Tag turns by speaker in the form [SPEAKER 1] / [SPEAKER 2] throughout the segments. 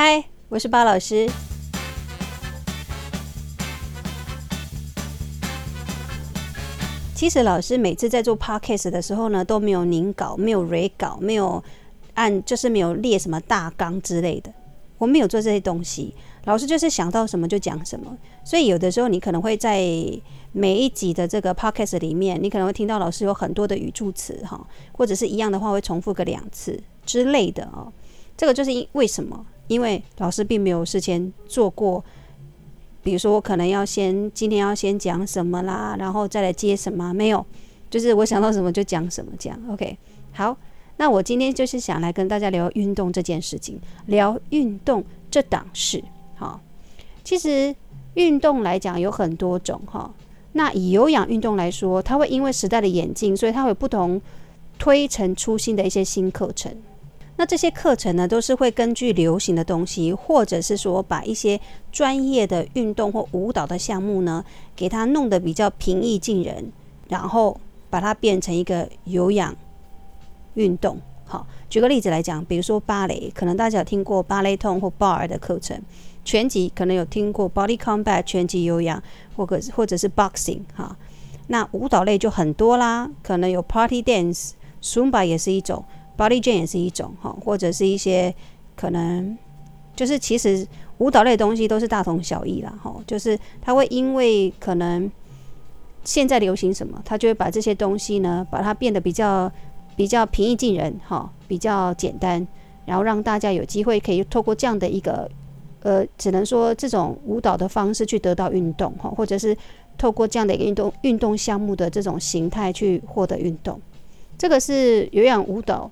[SPEAKER 1] 嗨，我是巴老師。其實老師每次在做 podcast 的時候呢，都沒有寧稿，沒有蕊稿，沒有按，就是沒有列什麼大綱之類的。我沒有做這些東西，老師就是想到什麼就講什麼。所以有的時候你可能會在每一集的這個 podcast 裡面，你可能會聽到老師有很多的語助詞哈，或者是一樣的話會重複個兩次之類的哦。這個就是因為什麼？因為老師並沒有事前做過，比如說我可能要先今天要先講什麼啦，然後再來接什麼沒有，就是我想到什麼就講什麼這樣。OK，好，那我今天就是想來跟大家聊運動這件事情，聊運動這檔事。哈，其實運動來講有很多種哈，那以有氧運動來說，它會因為時代的演進，所以它會有不同推陳出新的一些新課程。那這些課程呢，都是會根據流行的東西，或者是說把一些專業的運動或舞蹈的項目呢，給它弄得比較平易近人，然後把它變成一個有氧運動。好，舉個例子來講，比如說芭蕾，可能大家有聽過芭蕾 Tone 或 bar 的課程；拳擊可能有聽過 Body Combat 拳擊有氧，或者或者是 Boxing 哈。那舞蹈類就很多啦，可能有 Party Dance、Zumba 也是一種。Body Jam 也是一種哈，或者是一些可能就是其實舞蹈類的東西都是大同小異啦哈，就是它會因為可能現在流行什麼，它就會把這些東西呢，把它變得比較比較平易近人哈，比較簡單，然後讓大家有機會可以透過這樣的一個呃，只能說這種舞蹈的方式去得到運動哈，或者是透過這樣的一個運動運動項目的這種形態去獲得運動，這個是有氧舞蹈。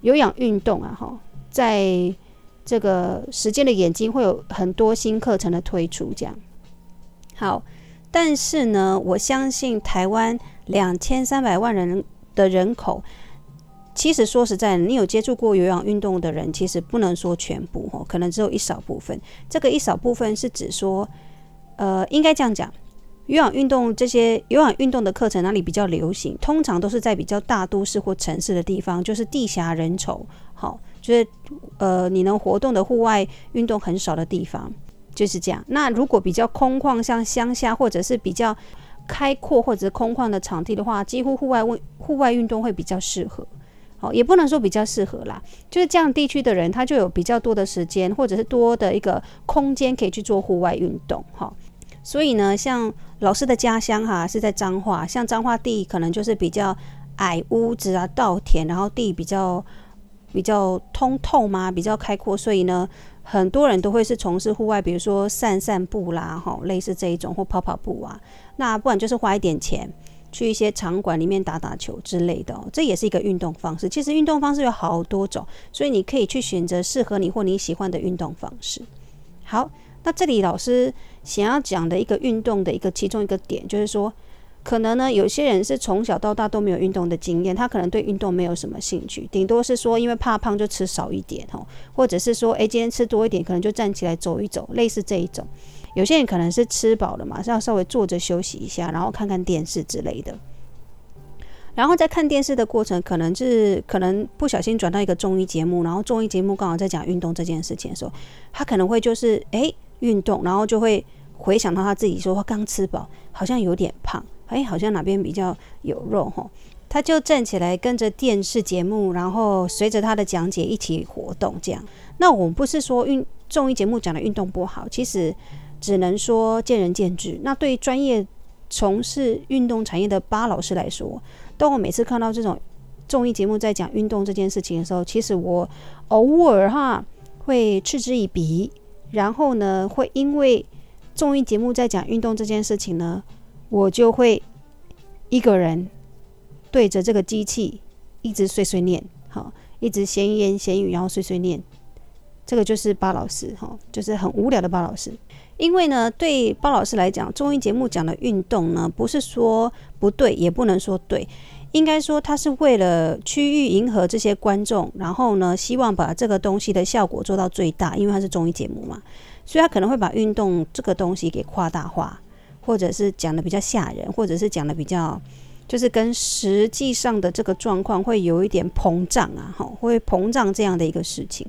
[SPEAKER 1] 有氧運動啊，哈，在這個時間的眼睛會有很多新課程的推出，這樣好。但是呢，我相信台灣兩千三百萬人的人口，其實說實在的，你有接觸過有氧運動的人，其實不能說全部哦，可能只有一小部分。這個一小部分是指說，呃，應該這樣講。有氧運動，這些有氧運動的課程哪裡比較流行？通常都是在比較大都市或城市的地方，就是地狹人稠，好，就是呃，你能活動的戶外運動很少的地方，就是這樣。那如果比較空曠，像鄉下或者是比較開闊或者空曠的場地的話，幾乎戶外戶外運動會比較適合，好，也不能說比較適合啦，就是這樣地區的人，他就有比較多的時間或者是多的一個空間可以去做戶外運動，哈，所以呢，像。老師的家鄉哈是在彰化，像彰化地可能就是比較矮屋子，啊，稻田，然後地比較比較通透嘛，比較開闊，所以呢，很多人都會是從事戶外，比如說散散步啦，哈、哦，類似這一種或跑跑步啊，那不然就是花一點錢去一些場館裡面打打球之類的、哦，這也是一個運動方式。其實運動方式有好多種，所以你可以去選擇適合你或你喜歡的運動方式。好。那這裡老師想要講的一個運動的一個其中一個點，就是說，可能呢有些人是從小到大都沒有運動的經驗，他可能對運動沒有什麼興趣，頂多是說因為怕胖就吃少一點哦，或者是說哎、欸、今天吃多一點，可能就站起來走一走，類似這一種。有些人可能是吃飽了嘛，是要稍微坐着休息一下，然後看看電視之類的。然後在看電視的過程，可能是可能不小心轉到一個綜藝節目，然後綜藝節目剛好在講運動這件事情的時候，他可能會就是哎。欸運動，然後就會回想到他自己說他剛吃飽，好像有點胖，哎，好像哪邊比較有肉吼，他就站起來跟着電視節目，然後隨着他的講解一起活動這樣。那我們不是說運綜藝節目講的運動不好，其實只能說見仁見智。那對於專業從事運動產業的巴老師來說，當我每次看到這種綜藝節目在講運動這件事情的時候，其實我偶爾哈，會嗤之以鼻。然後呢，會因為綜藝節目在講運動這件事情呢，我就會一個人對着這個機器一直碎碎念，好，一直閒言閒語，然後碎碎念。這個就是巴老師，哈，就是很無聊的巴老師。因為呢，對巴老師來講，綜藝節目講的運動呢，不是說不對，也不能說對。應該說，他是為了區域迎合這些觀眾，然後呢，希望把這個東西的效果做到最大，因為它是綜藝節目嘛，所以他可能會把運動這個東西給誇大化，或者是講得比較嚇人，或者是講得比較，就是跟實際上的這個狀況會有一點膨脹啊，好，會膨脹這樣的一個事情，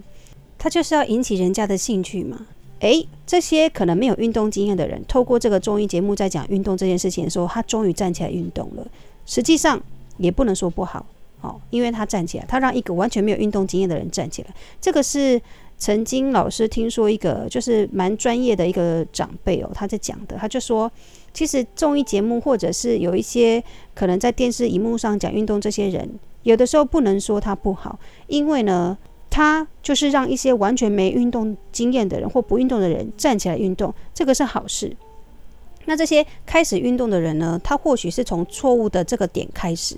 [SPEAKER 1] 他就是要引起人家的興趣嘛，誒，這些可能沒有運動經驗的人，透過這個綜藝節目在講運動這件事情的時候，他終於站起來運動了，實際上。也不能說不好，哦，因為他站起來，他讓一個完全沒有運動經驗的人站起來，這個是曾經老師聽說一個就是蠻專業的一個長輩哦，他在講的，他就說，其實綜藝節目或者是有一些可能在電視熒幕上講運動這些人，有的時候不能說他不好，因為呢，他就是讓一些完全沒運動經驗的人或不運動的人站起來運動，這個是好事。那這些開始運動的人呢，他或許是從錯誤的這個點開始。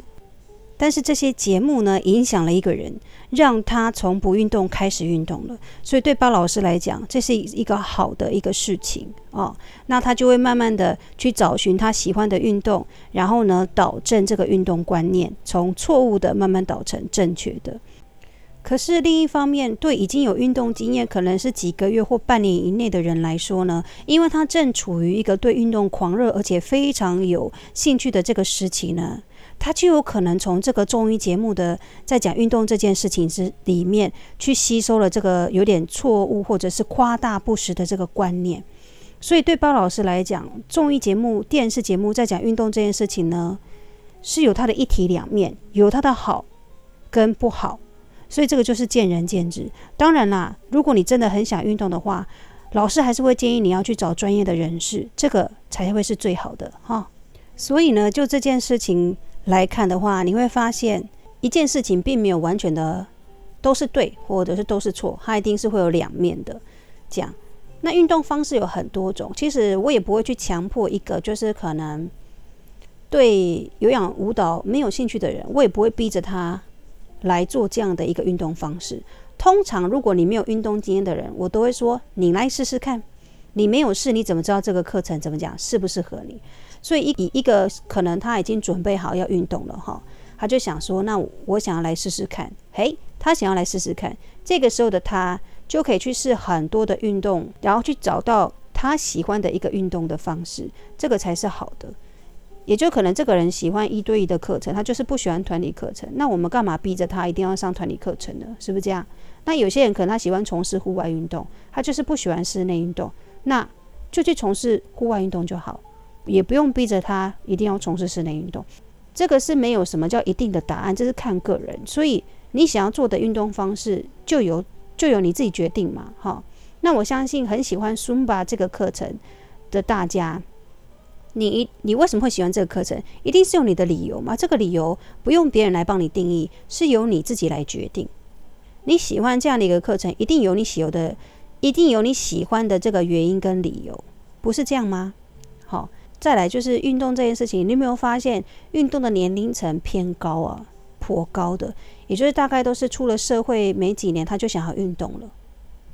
[SPEAKER 1] 但是這些節目呢，影響了一個人，讓他從不運動開始運動了。所以對巴老師來講，這是一個好的一個事情啊、哦。那他就會慢慢的去找尋他喜歡的運動，然後呢，導正這個運動觀念，從錯誤的慢慢導成正確的。可是另一方面，對已經有運動經驗，可能是幾個月或半年以內的人來說呢，因為他正處於一個對運動狂熱而且非常有興趣的這個時期呢。他就有可能從這個綜藝節目的在講運動這件事情之裡面去吸收了這個有點錯誤或者是誇大不實的這個觀念，所以對巴老師來講，綜藝節目、電視節目在講運動這件事情呢，是有它的一體兩面，有它的好跟不好，所以這個就是見仁見智。當然啦，如果你真的很想運動的話，老師還是會建議你要去找專業的人士，這個才會是最好的哈。所以呢，就這件事情。來看的話，你會發現一件事情並沒有完全的都是對，或者是都是錯，它一定是會有兩面的。這樣，那運動方式有很多種，其實我也不會去強迫一個就是可能對有氧舞蹈沒有興趣的人，我也不會逼着他來做這樣的一個運動方式。通常，如果你沒有運動經驗的人，我都會說你來試試看。你沒有試，你怎麼知道這個課程怎麼講適不適合你？所以一一個可能他已經準備好要運動了哈，他就想說，那我想要來試試看。嘿，他想要來試試看，這個時候的他就可以去試很多的運動，然後去找到他喜歡的一個運動的方式，這個才是好的。也就可能這個人喜歡一對一的課程，他就是不喜歡團體課程。那我們幹嘛逼着他一定要上團體課程呢？是不是這樣？那有些人可能他喜歡從事戶外運動，他就是不喜歡室內運動，那就去從事戶外運動就好。也不用逼着他一定要從事室內運動，這個是沒有什麼叫一定的答案，這是看個人。所以你想要做的運動方式，就由就由你自己決定嘛。哈、哦，那我相信很喜歡 ZUMBA 這個課程的大家，你你為什麼會喜歡這個課程？一定是有你的理由嘛？這個理由不用別人來幫你定義，是由你自己來決定。你喜歡這樣的一個課程，一定有你喜有的，一定有你喜歡的這個原因跟理由，不是這樣嗎？好、哦。再來就是運動這件事情，你有沒有發現運動的年齡層偏高啊，頗高的，也就是大概都是出了社會沒幾年他就想要運動了，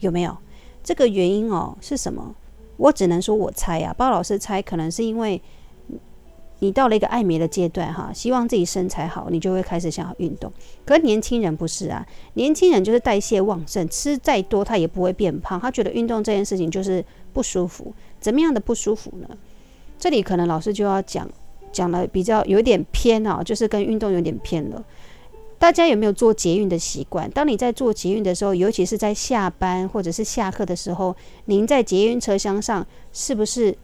[SPEAKER 1] 有沒有？這個原因哦，是什麼？我只能說我猜啊，巴老師猜，可能是因為你到了一個愛美的階段哈，希望自己身材好，你就會開始想要運動。可年輕人不是啊，年輕人就是代謝旺盛，吃再多他也不會變胖，他覺得運動這件事情就是不舒服，怎麼樣的不舒服呢？這裡可能老師就要講，講的比較有點偏哦、啊，就是跟運動有點偏了。大家有沒有坐捷運的習慣？當你在坐捷運的時候，尤其是在下班或者是下課的時候，您在捷運車廂上是不是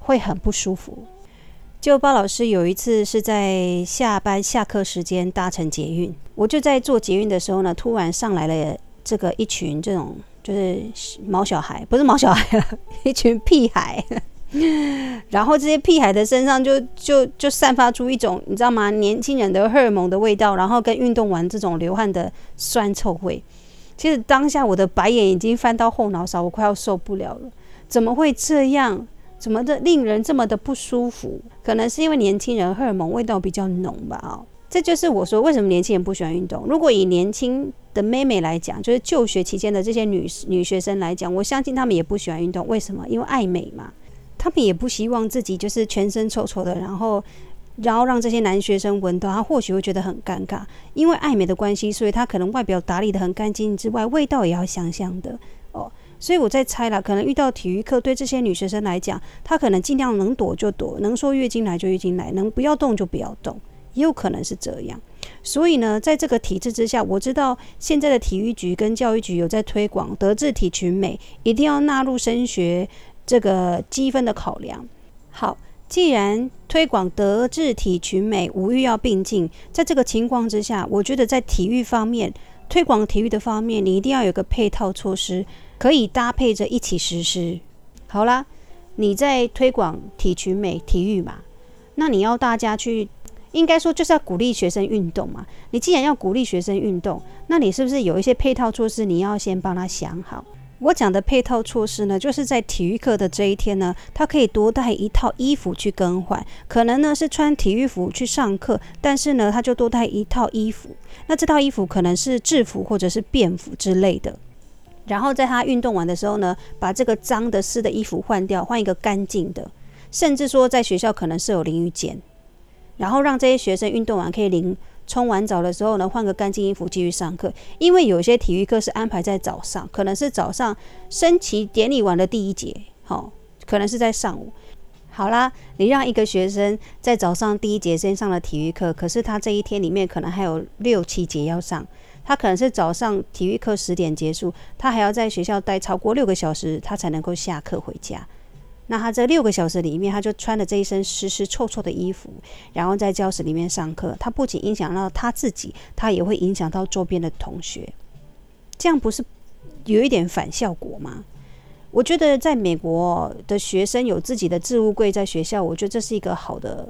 [SPEAKER 1] 會很不舒服？就巴老師有一次是在下班下課時間搭乘捷運，我就在坐捷運的時候呢，突然上來了這個一群這種就是毛小孩，不是毛小孩， 一群屁孩。 然後這些屁孩的身上就就就散發出一種你知道嗎？年輕人的荷爾蒙的味道，然後跟運動完這種流汗的酸臭味。其實當下我的白眼已經翻到後腦勺，我快要受不了了。怎麼會這樣？怎麼的令人這麼的不舒服？可能是因為年輕人荷爾蒙味道比較濃吧、哦？啊，這就是我說為什麼年輕人不喜歡運動。如果以年輕的妹妹來講，就是就學期間的這些女女學生來講，我相信她們也不喜歡運動。為什麼？因為愛美嘛。她們也不希望自己就是全身臭臭的，然後，然後讓這些男學生聞到，她或許會覺得很尷尬。因為愛美的關係，所以她可能外表打理得很乾淨之外，味道也要香香的哦。所以我在猜啦，可能遇到體育課對這些女學生來講，她可能盡量能躲就躲，能說月經來就月經來，能不要動就不要動，也有可能是這樣。所以呢，在這個體制之下，我知道現在的體育局跟教育局有在推廣德智體群美，一定要納入升學。這個積分的考量，好，既然推廣德智體群美五育要並進，在這個情況之下，我覺得在體育方面，推廣體育的方面，你一定要有個配套措施，可以搭配着一起實施。好啦，你在推廣體群美體育嘛，那你要大家去，應該說就是要鼓勵學生運動嘛。你既然要鼓勵學生運動，那你是不是有一些配套措施，你要先幫他想好？我講的配套措施呢，就是在體育課的這一天呢，他可以多帶一套衣服去更換。可能呢是穿體育服去上課，但是呢他就多帶一套衣服。那這套衣服可能是制服或者是便服之類的。然後在他運動完的時候呢，把這個髒的濕的衣服換掉，換一個乾淨的。甚至說，在學校可能是有淋浴間，然後讓這些學生運動完可以淋。沖完澡的時候呢，換個乾淨衣服繼續上課。因為有些體育課是安排在早上，可能是早上升旗典禮完的第一節，好、哦，可能是在上午。好啦，你讓一個學生在早上第一節先上了體育課，可是他這一天裡面可能還有六七節要上。他可能是早上體育課十點結束，他還要在學校待超過六個小時，他才能夠下課回家。那他在六個小時裡面，他就穿了這一身濕濕臭臭的衣服，然後在教室裡面上課。他不僅影響到他自己，他也會影響到周邊的同學。這樣不是有一點反效果嗎？我覺得在美國的學生有自己的置物櫃在學校，我覺得這是一個好的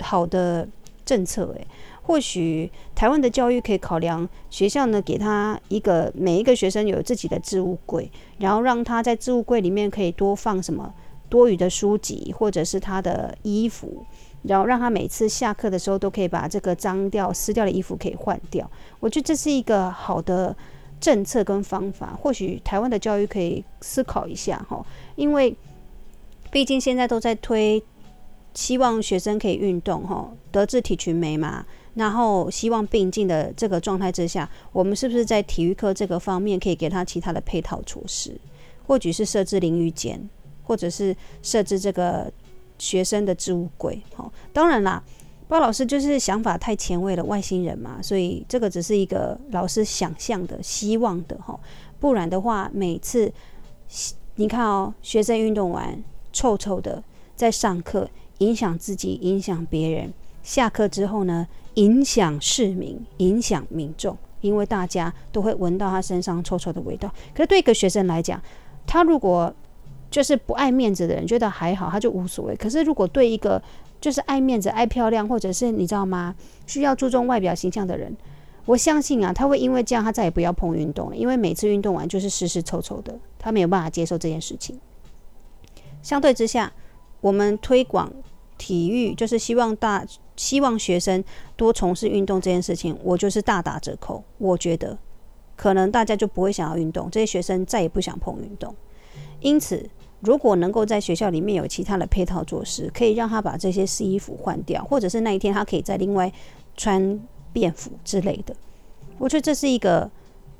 [SPEAKER 1] 好的政策欸。誒，或許台灣的教育可以考量學校呢，給他一個每一個學生有自己的置物櫃，然後讓他在置物櫃裡面可以多放什麼。多餘的書籍或者是他的衣服，然後讓他每次下課的時候都可以把這個髒掉、濕掉的衣服可以換掉。我覺得這是一個好的政策跟方法。或許台灣的教育可以思考一下吼，因為畢竟現在都在推，希望學生可以運動吼，德智體群美嘛，然後希望並進的這個狀態之下，我們是不是在體育課這個方面可以給他其他的配套措施？或許是設置淋浴間。或者是設置這個學生的置物櫃，好、哦，當然啦，巴老師就是想法太前衛了，外星人嘛，所以這個只是一個老師想象的、希望的，哈、哦，不然的話，每次你看哦，學生運動完臭臭的，在上課影響自己，影響別人，下課之後呢，影響市民，影響民眾，因為大家都會聞到他身上臭臭的味道。可是對一個學生來講，他如果就是不愛面子的人，覺得還好，他就無所謂。可是如果對一個就是愛面子、愛漂亮，或者是你知道嗎？需要注重外表形象的人，我相信啊，他會因為這樣，他再也不要碰運動了。因為每次運動完就是濕濕臭臭的，他沒有辦法接受這件事情。相對之下，我們推廣體育，就是希望大希望學生多從事運動這件事情，我就是大打折扣。我覺得可能大家就不會想要運動，這些學生再也不想碰運動，因此。如果能夠在學校裡面有其他的配套措施，可以讓他把這些濕衣服換掉，或者是那一天他可以再另外穿便服之類的，我覺得這是一個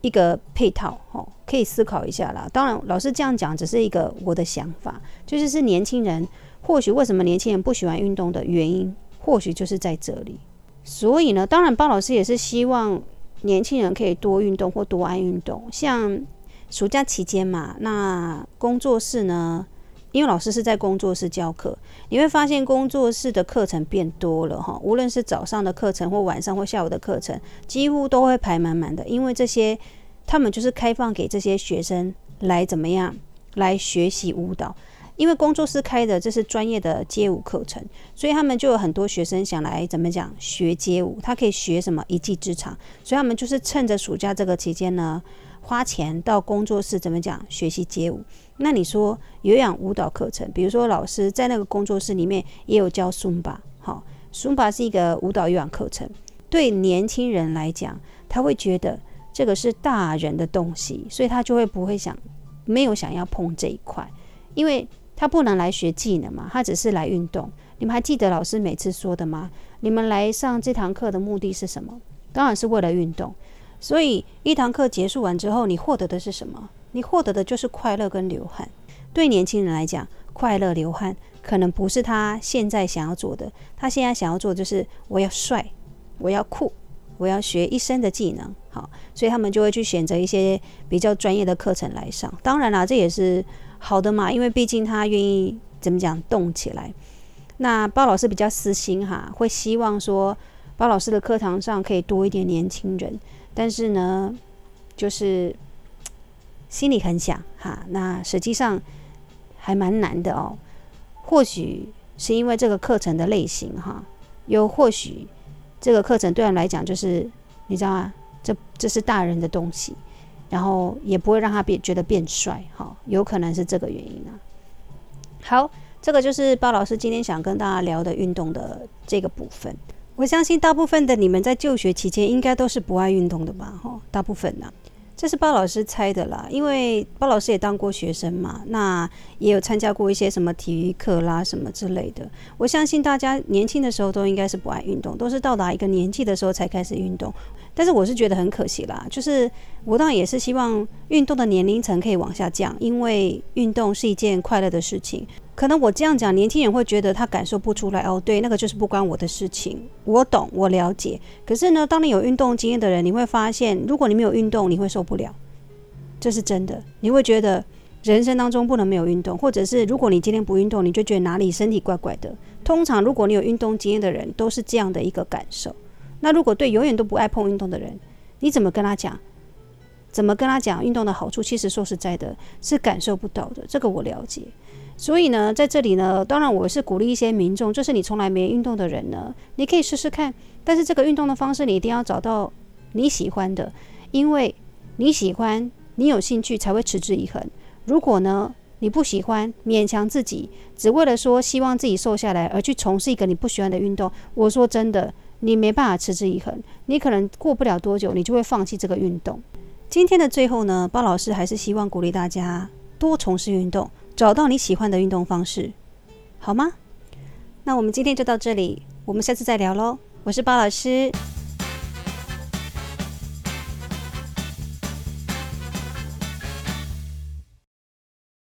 [SPEAKER 1] 一個配套，吼、哦，可以思考一下啦。當然，老師這樣講只是一個我的想法，就是是年輕人或許為什麼年輕人不喜歡運動的原因，或許就是在這裡。所以呢，當然包老師也是希望年輕人可以多運動或多愛運動，像。暑假期間嘛，那工作室呢？因為老師是在工作室教課，你會發現工作室的課程變多了哈。無論是早上的課程，或晚上或下午的課程，幾乎都會排滿滿的。因為這些，他們就是開放給這些學生來怎麼樣來學習舞蹈。因為工作室開的這是專業的街舞課程，所以他們就有很多學生想來怎麼講學街舞。他可以學什麼一技之長，所以他們就是趁着暑假這個期間呢。花錢到工作室怎麼講？學習街舞。那你說有氧舞蹈課程，比如說老師在那個工作室裡面也有教 Zumba？好，Zumba 是一個舞蹈有氧課程。對年輕人來講，他會覺得這個是大人的東西，所以他就會不會想沒有想要碰這一塊，因為他不能來學技能嘛，他只是來運動。你們還記得老師每次說的嗎？你們來上這堂課的目的是什麼？當然是為了運動。所以一堂課結束完之後，你獲得的是什麼？你獲得的就是快樂跟流汗。對年輕人來講，快樂流汗可能不是他現在想要做的，他現在想要做的就是我要帥，我要酷，我要學一身的技能。好，所以他們就會去選擇一些比較專業的課程來上。當然啦，這也是好的嘛，因為畢竟他願意怎麼講動起來。那巴老師比較私心哈，會希望說巴老師的課堂上可以多一點年輕人。但是呢，就是心裡很想哈，那實際上還蠻難的哦。或許是因為這個課程的類型哈，又或許這個課程對人來講就是你知道嗎、啊？這這是大人的東西，然後也不會讓他變覺得變帥哈，有可能是這個原因啊。好，這個就是巴老師今天想跟大家聊的運動的這個部分。我相信大部分的你們在就學期間應該都是不愛運動的吧？吼、哦，大部分吶、啊，這是巴老師猜的啦，因為巴老師也當過學生嘛，那也有參加過一些什麼體育課啦什麼之類的。我相信大家年輕的時候都應該是不愛運動，都是到達一個年紀的時候才開始運動。但是我是覺得很可惜啦，就是我當然也是希望運動的年齡層可以往下降，因為運動是一件快樂的事情。可能我這樣講，年輕人會覺得他感受不出來哦。對，那個就是不關我的事情。我懂，我了解。可是呢，當你有運動經驗的人，你會發現，如果你沒有運動，你會受不了。這是真的，你會覺得人生當中不能沒有運動。或者是，如果你今天不運動，你就覺得哪裡身體怪怪的。通常，如果你有運動經驗的人，都是這樣的一個感受。那如果對永遠都不愛碰運動的人，你怎麼跟他講？怎麼跟他講運動的好處？其實說實在的，是感受不到的。這個我了解。所以呢，在這裡呢，當然我也是鼓勵一些民眾，就是你從來沒運動的人呢，你可以試試看。但是這個運動的方式，你一定要找到你喜歡的，因為你喜歡，你有興趣才會持之以恆。如果呢，你不喜歡，勉強自己，只為了說希望自己瘦下來而去從事一個你不喜歡的運動，我說真的，你沒辦法持之以恆，你可能過不了多久，你就會放棄這個運動。今天的最後呢，巴老師還是希望鼓勵大家多從事運動。找到你喜歡的運動方式，好嗎？那我們今天就到這裡，我們下次再聊嘍。我是巴老師。